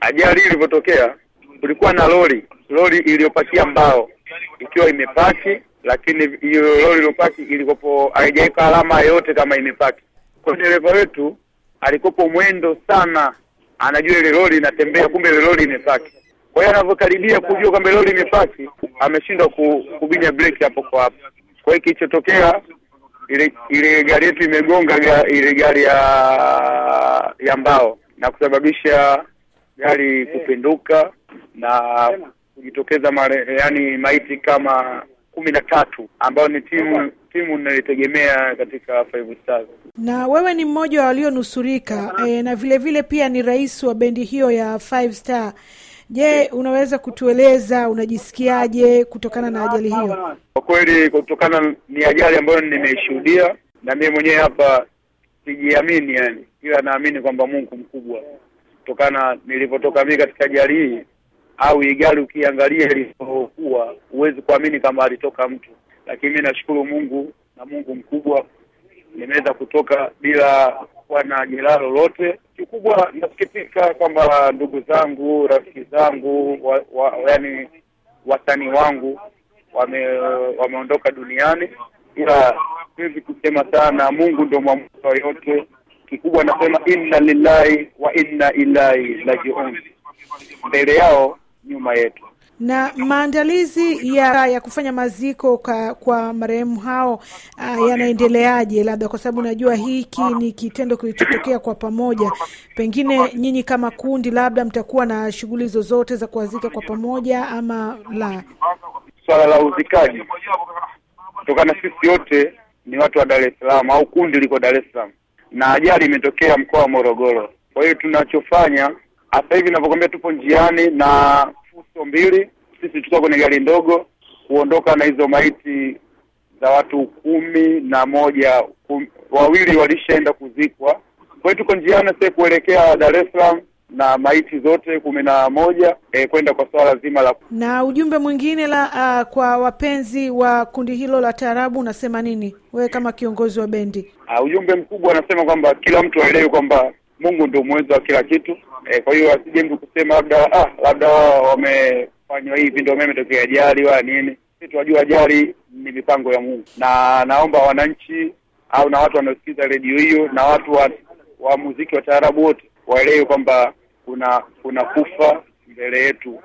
Ajali ilivyotokea kulikuwa na lori, lori iliyopakia mbao ikiwa imepaki, lakini hiyo lori iliyopaki ilikopo haijaweka alama yoyote kama imepaki. Kwa dereva wetu alikopo mwendo sana, anajua ile lori inatembea, kumbe ile lori imepaki. Kwa hiyo anavyokaribia kujua kwamba lori imepaki, ameshindwa kubinya breki hapo kwa hapo. Kwa hiyo kilichotokea ile ile gari yetu imegonga ile gari ya ya mbao na kusababisha gari eh. kupinduka na kujitokeza mare, yani maiti kama kumi na tatu ambayo ni timu timu inayoitegemea katika Five Stars. Na wewe ni mmoja wa walionusurika e, na vile vile pia ni rais wa bendi hiyo ya Five Star. Je, eh. unaweza kutueleza unajisikiaje kutokana na ajali hiyo? Kwa kweli, kutokana ni ajali ambayo nimeishuhudia na mimi mwenyewe hapa sijiamini, yani ila naamini kwamba Mungu mkubwa kutokana nilipotoka mimi katika ajali hii au igari ukiangalia ilivyokuwa huwezi kuamini kama alitoka mtu, lakini mimi nashukuru Mungu na Mungu mkubwa, nimeweza kutoka bila kuwa na jeraha lolote. Kikubwa nasikitika kwamba ndugu zangu, rafiki zangu, wa, wa, yaani watani wangu wame, wameondoka duniani, ila siwezi kusema sana. Mungu ndio mwamuzi wa yote kikubwa anasema inna lillahi wa inna ilahi rajiun, mbele yao nyuma yetu. Na maandalizi ya ya kufanya maziko kwa, kwa marehemu hao ah, yanaendeleaje? Labda kwa sababu najua hiki ni kitendo kilichotokea kwa pamoja, pengine nyinyi kama kundi labda mtakuwa na shughuli zozote za kuwazika kwa pamoja ama la? Swala la uzikaji, kutokana sisi yote ni watu wa Dar es Salaam au kundi liko Dar es Salaam, na ajali imetokea mkoa wa Morogoro. Kwa hiyo tunachofanya hasa hivi ninavyokuambia, tupo njiani na fuso mbili, sisi tuko kwenye gari ndogo kuondoka na hizo maiti za watu kumi na moja kum, wawili walishaenda kuzikwa. Kwa hiyo tuko njiani sasa kuelekea Dar es Salaam na maiti zote kumi na moja e, kwenda kwa swala zima la. Na ujumbe mwingine la uh, kwa wapenzi wa kundi hilo la taarabu unasema nini wewe kama kiongozi wa bendi? Uh, ujumbe mkubwa anasema kwamba kila mtu aelewe kwamba Mungu ndio mwenzo wa kila kitu e, kwa hiyo asije mtu kusema labda ah, labda wamefanywa hivi ndio meme tokea ajali wala nini. si tuwajua ajali ni mipango ya Mungu, na naomba wananchi au na watu wanaosikiza redio hiyo na watu wa, wa muziki wa taarabu wote waelewe kwamba kuna kufa mbele yetu